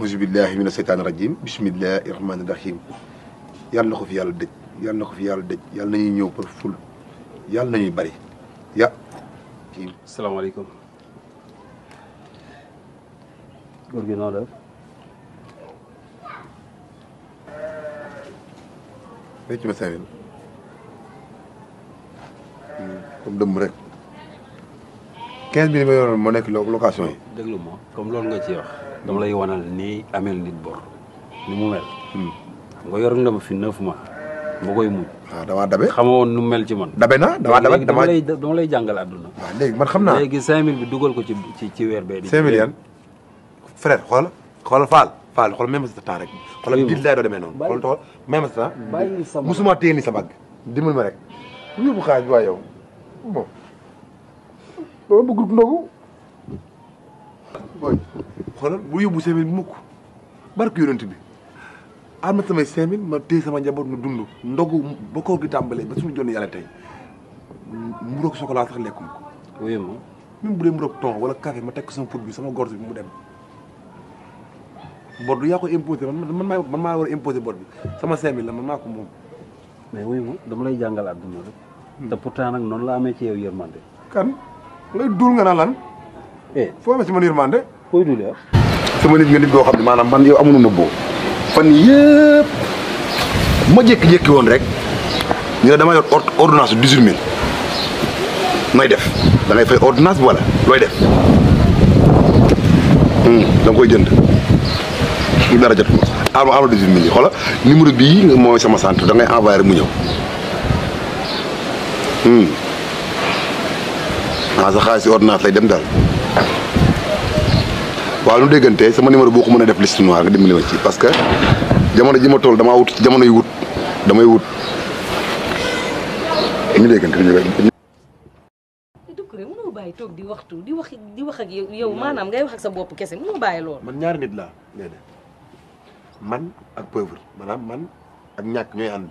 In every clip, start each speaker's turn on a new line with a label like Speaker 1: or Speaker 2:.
Speaker 1: أعوذ بالله من الشيطان الرجيم بسم الله الرحمن الرحيم يال نخو في يال دج يال نخو في يال دج يال ناني نيو بور فول يال ناني باري يا جيم. السلام عليكم غورغي نولا فيتي مسامين كوم دم رك 15 مليون مو نيك لوكاسيون دغلو ما كوم لون نغا سي واخ dama lay wanal nii amel nit bor ni mu mel. Hmm. xam nga yor nga ma fi neuf mois ba koy muñ. waaw ah, damaa dabe xamoon nu mel ci man. dabe na damaa dabe dama lay dama lay jàngal àdduna. waaw léegi man xam naa léegi cinq bi dugal ko ci ci ci weer bee. cinq mille yan frère xool xool Fall. Fall xool même sa temps rek. xoolal bii lay doo demee noonu. xool tool même sa temps. bàyyi sa musuma téye ni sa bàgg. dimbali ma rek yóbbu xaaj bi waaye yow bon booy xoolal bu yóbbu cinq mille bi mukk barke bi am na samay cinq mille ma téye sama njaboot nu dund ndogu ba koor gi tàmbalee ba suñu jonn yàlla tey mu roog chocolat sax lekkum ko oui moom même bu dee mu roog ton wala café ma teg ko sama pot bi sama gorge bi mu dem bor du yaa ko imposé man maa man maa war a imposé bor bi sama cinq mille la man maa ko moom ma dama lay jàngal àdduna rek hmm. te pourtant nag noonu la amee ci yow yërmande kan ngay duul nga naa eh. foo amee si man koy du leer sama nit nga nit goo xam ne maanaam man yow amunu nëbboo fan yëpp ma jékki-jékki woon rek ñu ne dama yor ordonnance dix huit def da ngay fay ordonnance wala looy def hmm, da nga koy jënd dara jot ma ama ama dix huit mille yi xoola numéro bii mooy sama centre da ngay envoyé rek mu ñëw hmm. ah sa xaalis si ordonnance lay dem daal waaw nu déggante sama numéro boo ko def liste noir dimbi dimbali ma ci parce que jamono ji ma toll dama wut jamono yu wut damay wut ñu déggante ñu bàyyi tok di waxtu di wax di wax ak yow manam ngay wax ak sa mau kese mënoo baye lool man ñaar nit la léegi man ak pauvre manam man ak ñak ñoy and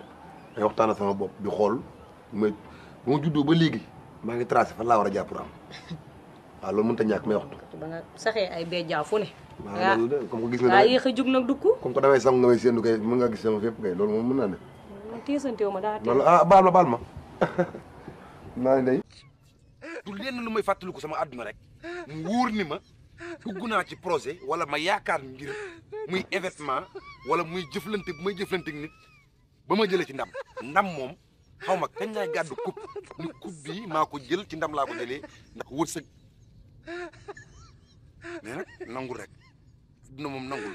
Speaker 1: ay waxtana sama bop di xol ma mau ma ba léegi ma ngi tracer fa la wara a am waaw loolu mënut a ñàkk may waxtu. ba ay béjjaaw ne. waaw loolu gis nga. daa yéex a jug nag dugg. comme que damay sàmm nga may séentu kay mën ngaa gis sama fépp kay loolu moom mën naa ne. man tiisanteewu ma daa teel loolu ah baal ma baal ma. naa du lenn lu may fàttaliku sama àdduna rek mu wóor ni ma dugg naa ci projet wala ma yaakaar ngir muy événement wala muy jëflante bu may jëflante nit ba ma jëlee ci ndam ndam moom xaw ma kañ laay gàddu coupe ni coupe maa ko jël ci ndam laa ko jëlee ndax wërsëg mais nag nangu rek dina moom nangul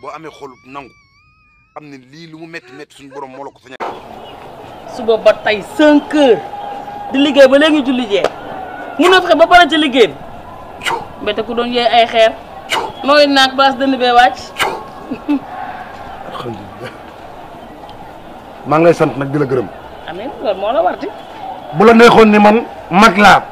Speaker 1: boo amee xolub nangu am ne lu mu metti metti borom suba ba tey cinq heures di liggéey ba léegi julli jee mënoo fexe ba pare ci liggéey bi ku doon yooyu ay dënd ngi lay sant nak di la gërëm amiin loolu moo la war di bu la neexon ni man mag la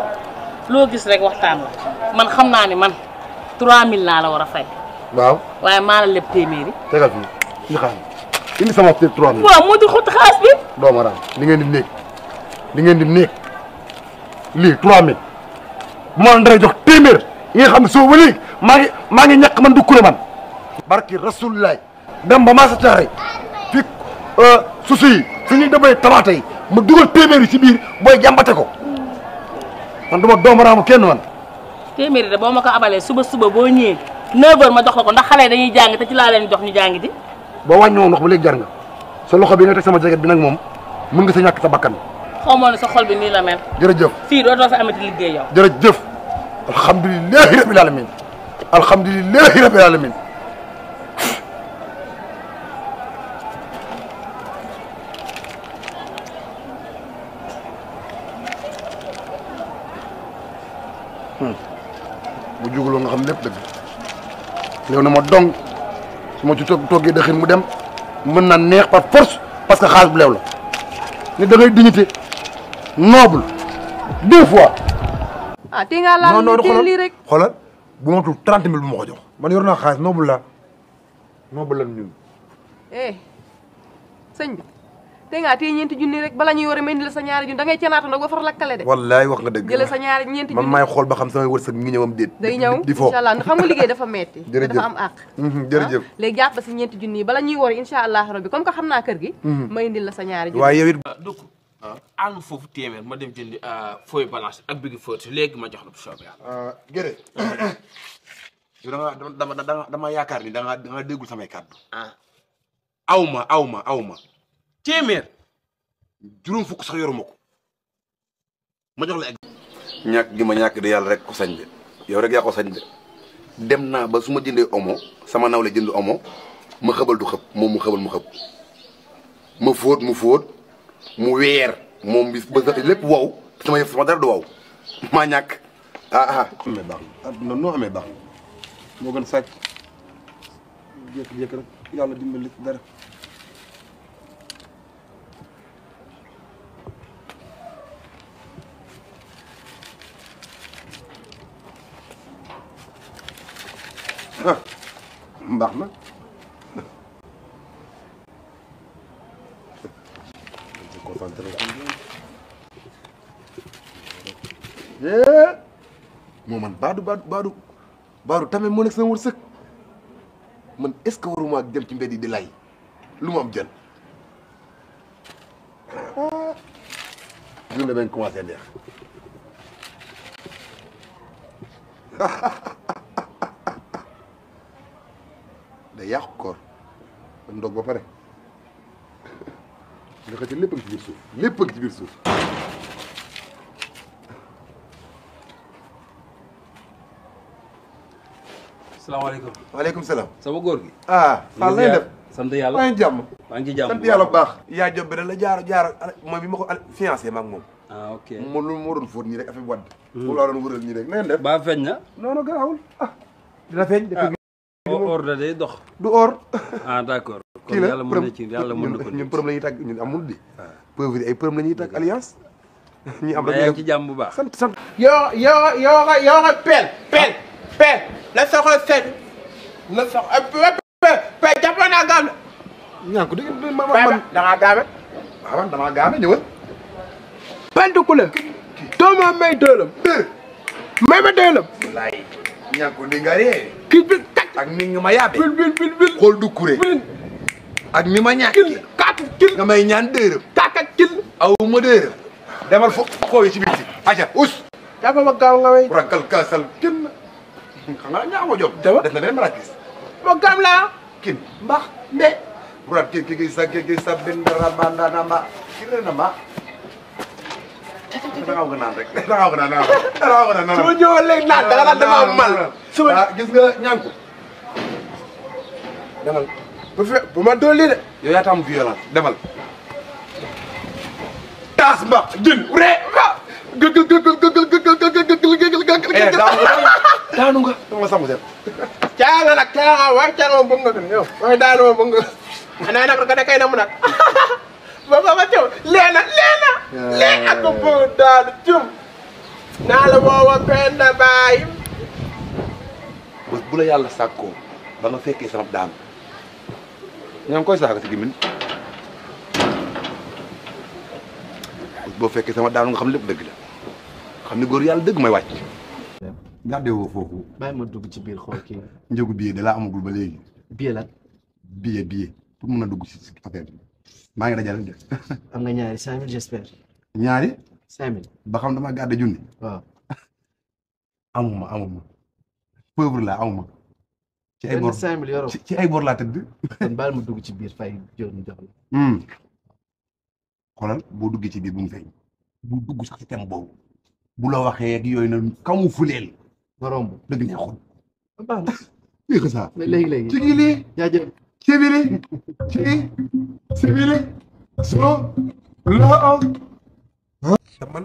Speaker 1: lo gis rek waxtan la man xamna ni man 3000 la la wara fay. waw waye maa la leb téeméeri. tegal fii ñu xaar indi sama te 3000. waw mo di xut xaalis bi. do ma ram li ngeen di néeg li ngeen di néeg li 3000 bu ma la dara jox téeméer yi xam so wali ma ngi ma ngi ñak man du kure man. barki rasulullah dem ba Massa Thiaré fii euh, susu yi su ñuy dabay tabaata yi ma dugal téeméer ci bir boy jambaté ko. man du doom doomu raamu kenn man. téeméeri de boo ma ko abalee suba suba boo ñëwee 9h ma jox la ko ndax xale dañuy jàng te ci laa leen jox ñu jàng di. boo wàññi woon wax ba léegi jar nga sa loxo bi nga teg sama jaget bi nag moom mën nga sa ñàkk sa bakkan. xaw ma ne sa xol bi nii la mel. jërëjëf fii doo doo fa amati liggéey yow. jërëjëf alhamdulilahi rabil alamin alhamdulilahi rabil mu jugaloo nga xam lépp dëgg léew na ma dong su ma ci toggee dëxin mu dem mën na neex par force parce que xaalis bu leew la ne da ngay dignité noble deux fois. ah tey ngaa laal lii rek xoolal bu ma tudd trente mille bu ma ko jox man yor na xaalis noble la noble la ñun. Eh, dégg nga tey ñeenti junni rek bala ñuy war a mel sa ñaari junni da ngay canaatu nag ba far lakkale de wallaay wax nga dëgg jëlee sa ñaari ñeenti junni man maay xool ba xam samay wërsëg mi ngi ñëwam déet day ñëw di fo incha allah xam mhm, ah, junni bala ñuy war incha allah rabbi comme que xam naa kër gi mhm. ma indil la sa ñaari junni waaye yow it ah, dugg ah, foofu téeméer ma dem jëndi fooy balance ak bigi fóoti léegi ma jox la bu soobee yàlla gëré yow danga dama dama yaakaar ni danga danga déggul samay kàddu awma awma awma témèr djurum fuk sax yoruma ko ma jox la egg. ñak gi ma ñàkk de rek ko sañ de yow rek ya ko sañ de dem na ba suma ma omo sama nawle jënd omo ma xëbal du xëb mom mu xëbal mu xëb ma fóot mu fóot mu weer mom bis ba lepp wow sama yef sama dara du waw ma ñak ah ah. amee baax na ah, no noo amee baax gën sacc jek jek rek yalla dimbali dara. mbaax ma eh. moo man badu badu badu baadu tamit moo nekk sama wërsëg man est-ce que waruma dem ci mbedd di lay lu mo am ñu journée ben commencé neex ndog ba pare nga xam ci lépp biir suuf lépp a ngi ci biir suuf salaamaaleykum waaleykum salaam sama góor gi ah Fall lay def sant yàlla maa ngi jàmm maa ngi bu baax yaa job bi da la jaaro jaaro mooy bi ma ko fiancé maag moom ah, ok moom lu ma doon fóot ñi rek affaire wadd moom laa doon wëral ñi rek neen def baa feeñ na non non garaawul ah, dina feeñ ah. def oh, ordre day dox du or ah d'accord kii la yàlla mën na ci yàlla mën na ko ñun përëm la ñuy tàgg ñun amul di ah. pauvre yi ay përëm la ñuy tàgg alliance ñu am rek ci jàmm bu baax sant sant yoo yoo yoo ko yoo ko peel peel ah. peel la soxla seet la soxla eh, peel jàppoon naa gaam ne ñaa ko dégg ah, man man dangaa gaame waaw dangaa gaame ñëwal pent ku la dooma may doolam dër may ma doolam laay ñaa ko dégg nga ree kii bi ak nit ñu ma yaabe bil bil bil bil xool du kuré ak ni ma ñàkkee kaat kil nga may ñaan dërëm kaat kil aw mo deur demal fo xooyi ci biti acha us fa ma gaaw nga way rankal kaasal kin nga ñaan ma jom ah. da nga leen marakis mo gam la kin mbax mbe burat ke ke sa ke ke sa ben ramanda nama na nama dangaw nga naan rek dangaw nga naan dangaw nga naan suma ñëwoon léegi naan danga naan dama mal suma gis nga ñaan ko bu fe bu ma dolli de yow yaa tam violent demal taas mba jën re a gëgël gëgël gëgël gëgël gëgël gëgël gëgël gëgël daanu nga dama sangu seen caala nag caala war caala moom bëgg nga gën yow waaye daanu moom bëgg nga xanaa nag ko dakay na mu nag ba ba ba cëw leena leena leen ak bu daanu jëm naa la woowa penn baay bés bu la yàlla sàkkoo ba nga fekkee sama daanu ñoo ngi koy saaga si gémmiñ boo fekkee sama daanu nga xam lépp dëgg la xam ne góor yàlla dëgg may wàcc. gàddee woo foofu. bàyyi ma dugg ci biir xool kii. njëgu billet da laa amagul ba léegi. billet la. billet billet pour mun a dugg si affaire bi maa ngi dajale de. am nga ñaari cinq mille j'espère. ñaari. cinq mille. ba xam dama gàdde junni. waaw. amuma amuma pauvre la amuma. ci ay bor cinq ci ay bor laa tëdd. baal ma dugg ci biir fay jox ñu jox la. Hmm. xoolal boo duggee ci biir bu mu feeñ. bu dugg sax ci thème boobu. bu la waxee ak yooyu noonu kamu fuleel. boo romb dëgg neexul. Ah, baax na dégg nga ça. léegi léegi ci kii ci biir ci biir soo loo am.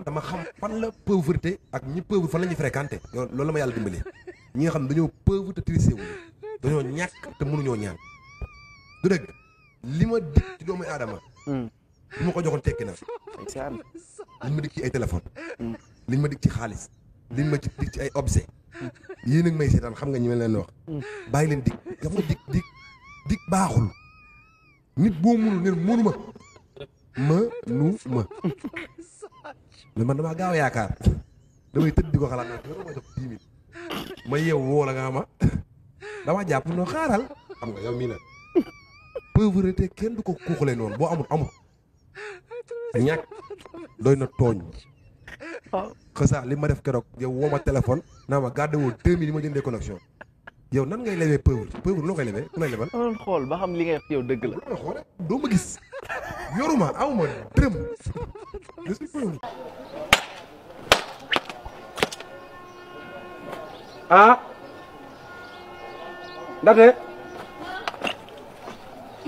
Speaker 1: dama xam fan la pauvreté ak ñi pauvre fan la ñuy fréquenté. loolu la ma yàlla dimbali ñi nga xam dañoo pauvre te tricé dañoo ñàkk te mënuñoo ñaan du dëgg li ma dig ci doomu aadama hmm. li ma ko joxoon tekki na liñ ma dig ci ay téléphone hmm. liñ ma dig ci xaalis liñ ma dig ci ay objet hmm. yéen a ngi may seetaan xam nga ñi ma leen wax bàyyi leen dig dafa dig dig baaxul nit boo mënul neen mënu ma nu ma mais man damaa gaaw yaakaar damay tëdd di xalaat naa ma yeew woo la ma dama jàpp no xaaral xam nga yow mii nag kenn du ko kuuxale noonu boo amul amul ñàkk doy na tooñ oh. xësa li ma def keroog yow woo ma téléphone naa ma gardé woo deux mille ma jëndee connexion yow nan ngay lewee pauvre pauvre loo koy lewee ku lay lebal oh, xool ba xam li nga wax yow dëgg la xool doo ma gis yoruma awma dërëm ah ndaxte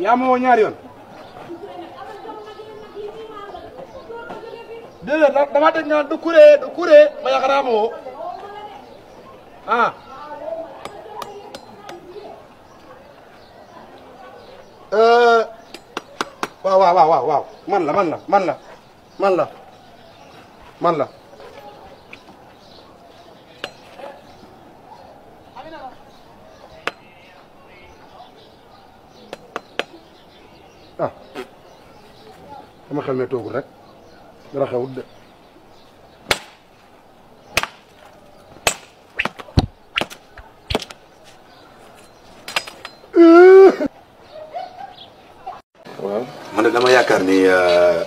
Speaker 1: yaa ma woo ñaari yoon déedéet da damaa teg nga du kuré du kuré ba yaakaar naa ma ah. euh, man la man la man la man la man la sama xel mi toogul rek dara xewut de. waaw man de dama yaakaar ni euh,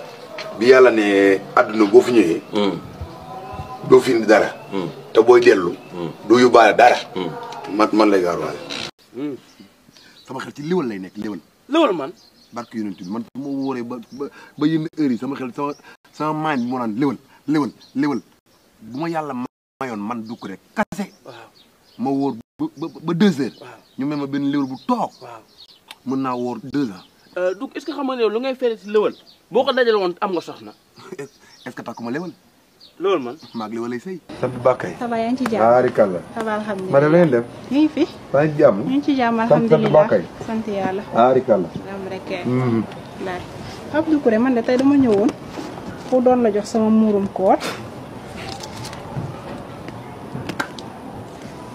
Speaker 1: bi yàlla ne àdduna boo fi ñëwee. Hmm. doo fi dara. Hmm. te booy dellu. Hmm. du yóbbaale dara. man man lay gaaruwaale. sama xel ci liwal lay nekk liwal. liwal man. barke yonent bi man su ma wóoree ba ba ba yenn heure sama xel sa ma maan bi moo naan léwal léwal léwal bu ma yàlla mayoon man dukk rek kase ma woor ba ba deux ñu mel ma benn léwal bu toog mën naa woor deux heures euh, donc est-ce que xam nga ne lu ngay fere si léwal boo ko dajale woon am nga soxna est-ce que takkuma léwal loolu man. maag li wala sëy. sa bakkay. ça ci ma def. fi. maa ngi ci jàmm. ñu ngi ci jàmm alhamdulilah sant yàlla. baarikàlla. am rek. laaj Abdou Kouré man de tey dama ñëwoon pour doon la jox sama Murum koor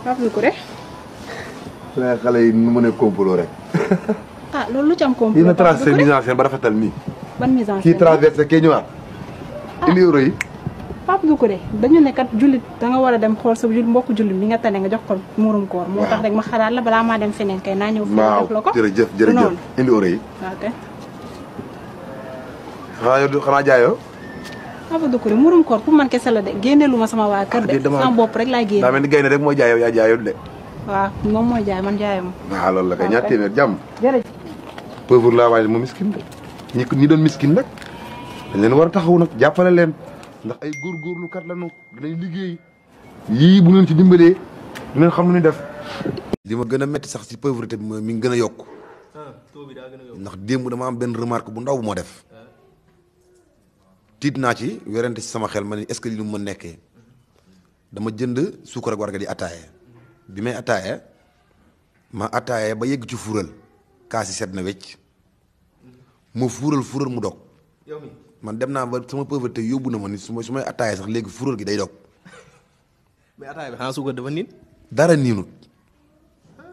Speaker 1: Abdou Kouré. la xale yi nu mu complot rek. ah loolu lu ci am complot. yéen a mise en scène ba rafetal ban mise en scène kii traversé kii ñëwaat. ah pap du ko de dañu ne kat julit da nga wara dem xol sa julit mbok julit mi nga tane nga jox ko murum koor moo tax rek ma xalaat la bala ma dem feneen kay naa ñëw fi def lako jere jef jere jef indi ore yi waaw kay xanaa yow xanaa jaayoo papa du ko de murum koor ku man kessa la de génneelu sama wa kër de ah, sama bop rek laa génne da melni ni rek mo jaayo ya jaayo de waaw mom mo jaay man jaayo ma waaw ah, loolu la kay ah, ñaar téeméer jàmm jërëjëf pauvre la waaye mo miskin de ni ni doon miskin nak dañ leen wara taxaw nak jappale leen ndax ay góor kat lañu dañuy liggéey yii bu leen ci dimbalee du xam lu ñu def. li ma gën a metti sax ci pauvreté mi ngi ah, gën a yokku ndax démb dama am benn remarque bu ndaw bu moo def tiit naa ci werante si sama xel ma ne est-ce li lu ma nekkee dama jënd suukar ak warga di ataaye bi may ataaye ma ataaye ba yegg ci fuural kaa sedd set na wecc ma fuural fuural mu dog man dem naa ba suma pauvreté yóbbu na ma ni suma ma su may attaaya sax léegi furóor gi day dog. mais attaaya bi xanaa suukar dafa niin. dara niinut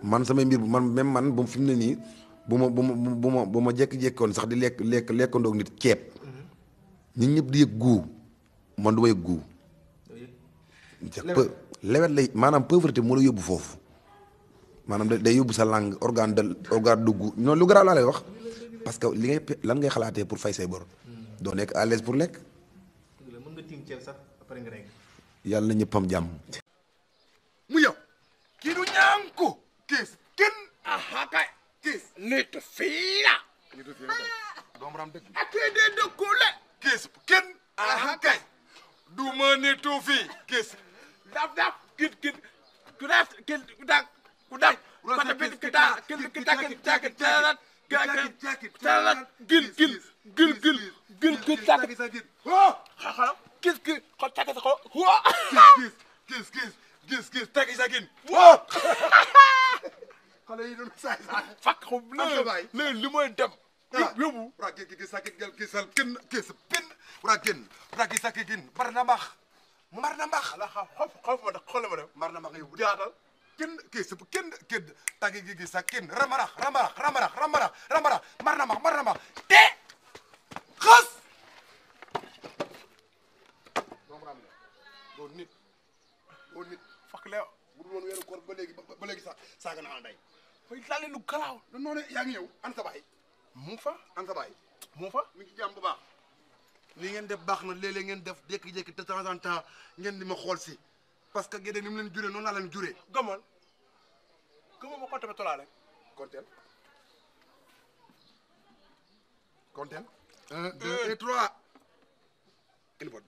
Speaker 1: man samay mbir man même man bu fi mu ne nii bu ma bu ma bu ma ma jékki-jékkoon sax di lekk lekk lekkandoog nit ceeb. nit ñëpp di yëg guu man du ma yëg guu. lewet lay maanaam pauvreté moo la yóbbu foofu maanaam day yóbbu sa langue organe de organe de noonu lu garaaw laa wax parce que li ngay lan ngay xalaatee pour fay say bor. doo nekk à l'aise pour lekk. mën na ñëppam jàmm. mu yow. kii du ñaanku. kiis kenn. aha kay. kiis. nitu fii la. nitu fii la kay. doomu raam dëgg. ak kii dee dëkkule. kiis kenn. aha kay. du ma nitu fii. kiis. daf daf kit kit ku daf kit ku daf ku daf. ku daf kit kit kit kit kit kit kit kit kit kit kit kit jaajëf jaajëf gil gil gil gil gil gil sakki sa gil xala gis gis xol sakki sa xol gis gis gis gis gis sakki sa gil xale yi doon saay saay fakk xum léegi li mooy dem yóbbu ragi gigi sakki gel gisal gën gis bin ragin ragi sakki gin bar na max mar na max ala xa xof xof ma da xol ma da mar na max yow jaatal kenn kii kenn kenn gi gi gi sakin ramara ramara ramara ramara ramara mar na ma mar na ma te xës doomu raam la nit doo nit fakk la bu dul woon weeru ba légui ba légui sax saga na anday fay laale lu kalaaw do noné ya ngi ñew an sa baay mu fa an sa baay mu fa mi ngi ci jàmm bu baax li ngeen def baax na léeg ngeen def jékki-jékki de temps en temps ngeen di ma xol si parce que gédé ni leen juré non la leen juré gomal Comment vous comptez là Comptez. Comptez. 1, 2 et 3. Une bonne.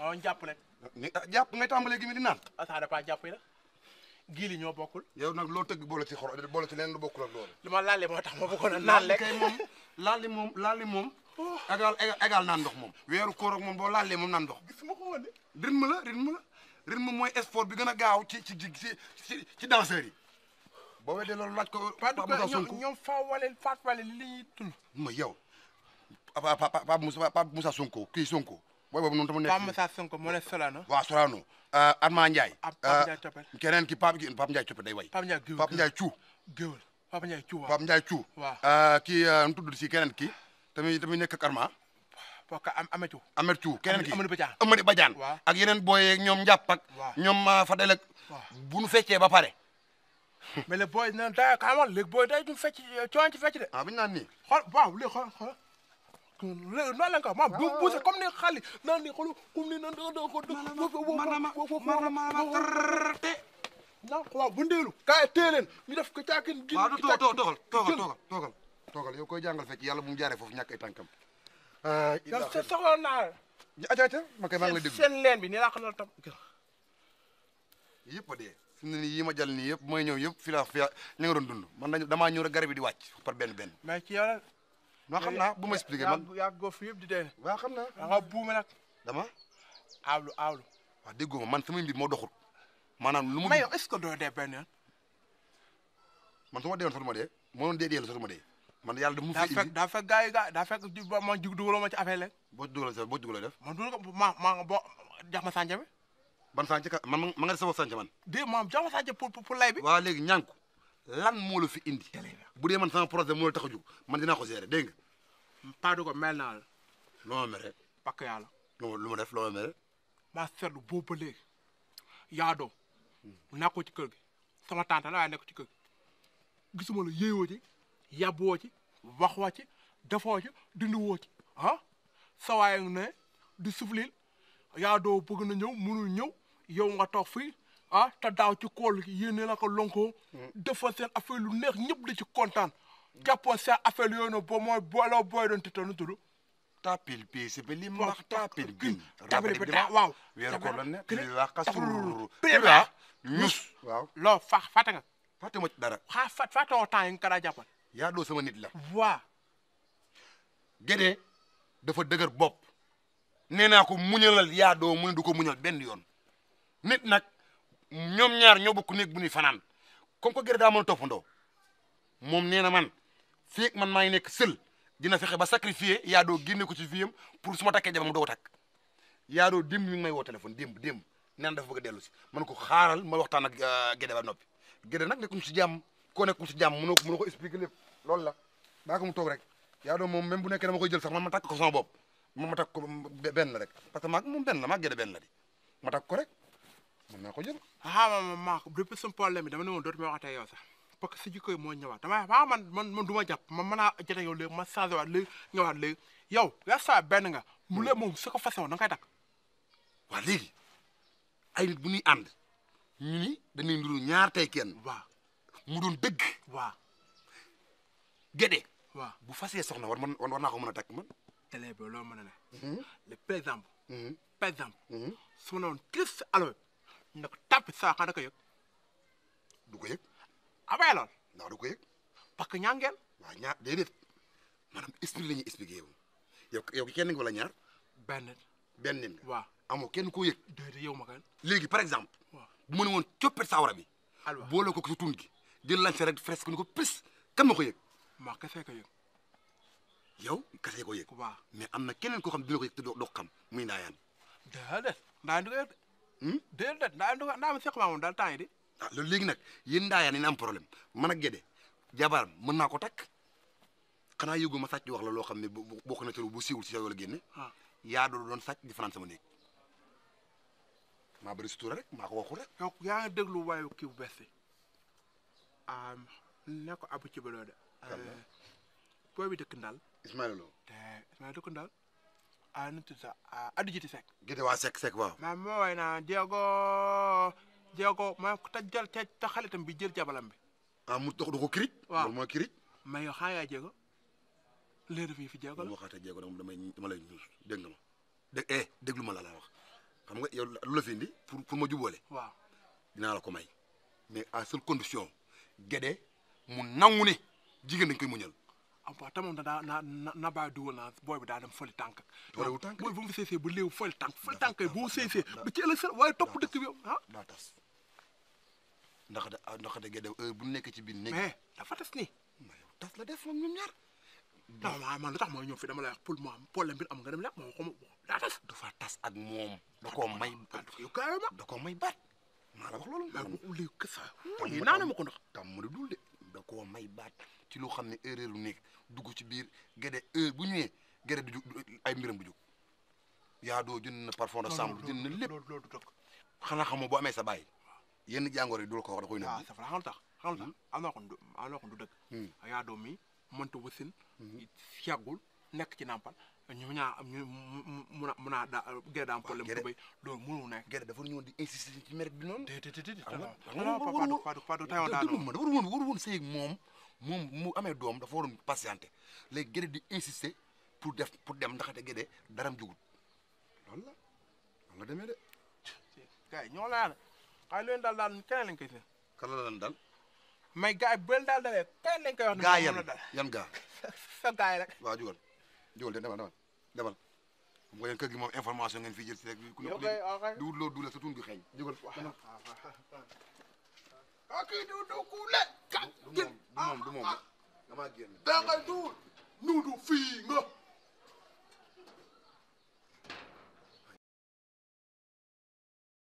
Speaker 1: Ah, on jàpp nag. jàpp gi mi di naan. asaare ah, pas jàpp la. gii li ñoo bokkul. yow nag loo tëgg boole ci xor boole ci leneen lu bokkul ak loolu. li ma laal moo tax ma bëggoon a naan moom laal moom laal li moom. Oh. ndox moom. weeru koor ak moom boo laalee moom naan ndox. gis ma ko de. rythme la rythme mooy sport bi gën a gaaw ci ci ci ci danseurs yi. boo weddee loolu laaj ko. Pape Moussa Sonko ñoom Faa Wale Faa Wale li ñuy dund. Sonko kii Sonko. booy boobu noonu tamit nekk Pape Sonko moo ne Solano. waaw Solano euh, Adma ah, euh, keneen ki Pape Pape Ndiaye Coppe day way. Pape Ndiaye Géwél Pape Ndiaye Thiou. Euh, kii nu si keneen ki tamit tamit nekk Poka am Amathou. Amathou keneen ki Amadou Badiane Amadou Badiane. waaw ak yeneen booy yeeg ñoom Ndiap ak. waaw ñoom Fadel ak. waaw bu nu feccee ba pare. mais le booy nan daa xamal léegi booy day du fecc coono ci fecc de. ah bu ñu naan nii. xool waaw léegi xool xool. léegi noonu la nga maam bu buuse comme ni xali naan ni xool comme ni nan da ko. maanaam maanaam maanaam non waaw bu ndeelu kaay tee leen ñu def ko caakin. waaw toogal toogal toogal toogal toogal yow koy jàngal fecc yàlla bu mu jaaree foofu ñàkk ay tànkam. sa soxla naa la. ajaata ma kay maa ngi lay déglu seen leen bi nii laa ko doon tam. yëpp a dee fi mu ne nii yi ma jàll nii yëpp mooy ñëw yëpp fii laa fi li nga doon dund man dañu damaa ñëw rek garab yi di wàcc par benn benn. mais ci yow la.
Speaker 2: non xam naa bu ma expliqué man
Speaker 1: yaa góob fi yëpp di dee. waaw xam naa da nga buume nag. dama. aawlu aawlu. waaw déggoo ma man samay mbir moo doxul. maanaam lu mu. mais yow est ce que doo dee benn yoon. man su ma dee woon sax du ma dee moo doon dee dee la sax du ma dee man yàlla da mu fi indi daa fekk daa fekk gars yi gars daa fekk ma ci affaire léegi. boo dugaloo sa boo dugaloo def. man dugal ko ma ma boo jax ma ka man ma sa bopp sànce man. dé maam jax ma sànce pour pour lay bi. waaw léegi ñànku lan moo la fi indi. bu ma man sama projet moo tax a jug man dinaa ko gérer dégg nga. ko mel naa la. loo ma mere. pakk yàlla. loo lu ma def loo ma mere. maa seetlu boobu ba léegi. yaa doo. Hmm. ko ci kër gi sama tante nekk ci kër gisuma la yéeyoo yaboo ci waxoo ci defoo ci dindi woo ci ah sawaay ne di suflil yaa doo bëgg na ñëw mënul ñëw yow nga toog fii ah te daaw ci kool yéene la ko lonko defal seen affaire lu neex ñëpp di ci kontaan jàppoon seen affaire yooyu noonu boo mooy booloo booy doon ti tanu tudd tapil piisi bi li max ta gin tabiri bi daa waaw weeru ko la ne loo fa fàtte nga fàtte ma dara xaa fàtte woo temps yi nga yaa doo sama nit la. voi Gédé dafa dëgër bopp nee naa ko muñalal yaa doo mu ne du ko muñal benn yoon nit nag ñoom ñaar ñoo bokk néeg bu ñuy fanaan comme que Gédé daa mën a toppandoo moom nee na man fii ak man maa ngi nekk sël dina fexe ba sacrifier yaa doo génne ko ci fiyam pour suma ma takkee jabar mu doo tak yaa doo démb mi may woo téléphone démb démb naan dafa bëgg a dellu si man ko xaaral ma waxtaan ak euh, Gédé ba noppi Gédé nag nekkuñ si jàmm. kone ko nekkul ci jàmm mënoo ko mënoo ko expliquer lepp lol la baa ko mu tok rek ya do mom même bu nekké dama koy jël sax man ma tak ko sama bop mom ma tak ko ben la rek parce que maag moom ben la maag gëdë ben la di ma tak ko rek mën nako jël ah ma ma ko depuis son problème dama ne woon dootuma waxata yow sax parce que si jikko yi ñëwaat dama ah man man man duma japp man mëna a yow léegi ma changé waat léegi ñëwaat léegi yow ya sa ben nga mu le mom su ko fase woon da ngay tak wa waa ay nit bu ñuy ànd ñu ni dañuy nduru ñaar tay kenn waaw mu doon dëgg. waaw. Gédé. waaw bu fasee soxna war man war naa ko mën a takk man. télé bi loolu na ne. Mhm. par exemple. Mhm. par exemple. Mhm. su ma ne woon triste na ko tàpp saa xanaa da ko yëg. du ko yëg. abay ah, lool. ndax du ko yëg. parce que ñaa ngeen. waaw ñaar maanaam esprit la ñuy expliqué yow yow yow kenn nga wala ñaar. benn. benn nit waaw amoo kenn koo yëg. déedéet yow ma léegi par exemple. waaw bu ma ne woon coppet saawara bi. allo boole ko ci tund gi. jël lancer rek fres ku ñu ko pris kan moo ko yëg. maa kese ko yëg. yow kese ko yëg. waaw mais am na keneen koo xam dina ko yëg te doo xam muy ndaayaan. déedéet ndaayaan du ko yëg de. Hmm? déedéet ndaayaan du ko ndaayaan seq maa moom daal temps yi de. ah loolu léegi nag yéen ndaayaan yi am problème man ak Gédé jabaaram mën naa ko takk xanaa yëgu ma sàcc wax la loo xam ne bokk na ci bu siiwul si yow la génne. Ah. yaa doon doon sàcc di fanaan sama néeg maa bëri sutura rek maa ko waxul rek. donc yaa ngi déglu waayu kii bu bees ne ko abu ci baloo de. booy bi dëkk Ndal. Ismaïla te Ismaïla dëkk Ndal. ah nu mu tudd sax ah Adu Jiti waa Seck Seck waaw. maa ma naa Diego Diego maa ta jël te ta xaritam ah, du ko kirij. waaw fi Diego la mu waxaatee ñuus dégg nga ma dé eh déglu ma la laa wax xam nga yow lu la fi ma jubóole. dinaa la ko may mais à seule guédé mu nangu ne jigéen dañ koy mu en tout cas tamoon na daa na naa bàyyi dugal naa booy bi daa dem tànk. warewul tànk booy bu mu seesee ba léew fële tànk fële tànk boo seesee ba ci ëllëg sa waaye topp dëkk bi ah. ah bu nekk ci biir néeg. mais dafa tas nii. tas la def moom man lu tax mooy ñoom fi mu am problème bi am nga dem dafa tas ak moom. da ah, ah, may baat maa la wax loolu maa ko ullee hmm. ne ma ko dul de da koo may baat ci loo xam ne erreur lu nekk dugg ci biir gede heure bu ñëwee gede du ay mbiram bu jóg yaa doo jënd na parfum de chambre jënd na lépp loolu du xanaa xamoo boo amee sa bàyyi yenn jàngoor yi du la ko koy ah, nëbb safara xamal tax xamal tax hmm? du dëgg hmm. yaa doo mi mënta wasin nekk ci nàmpal ñooñaa mun a mun a daa gerte daa am problème bu bay loolu mënul nekk gerte dafa ñëwoon di insister ci mère bi noonu déedéet déglu ma dafa woon war woon sëy moom moom mu amee doom dafa waroon patienté léegi gerte di insister pour def pour dem ndaxate gerte daram jugut loolu la loolu la demee de gars yi ñoo laana waaye loolu daal daal keneen lañ koy fi kan la lan daal mais gars yi bu leen lañ koy wax gaa yan yan gaa sa rek waaw jugal jugal demal demal demal xam nga yéen gi moom fi jël si rek ku nekk a ah, ah, ah, kii du moom du moom damaa génn da ngay nga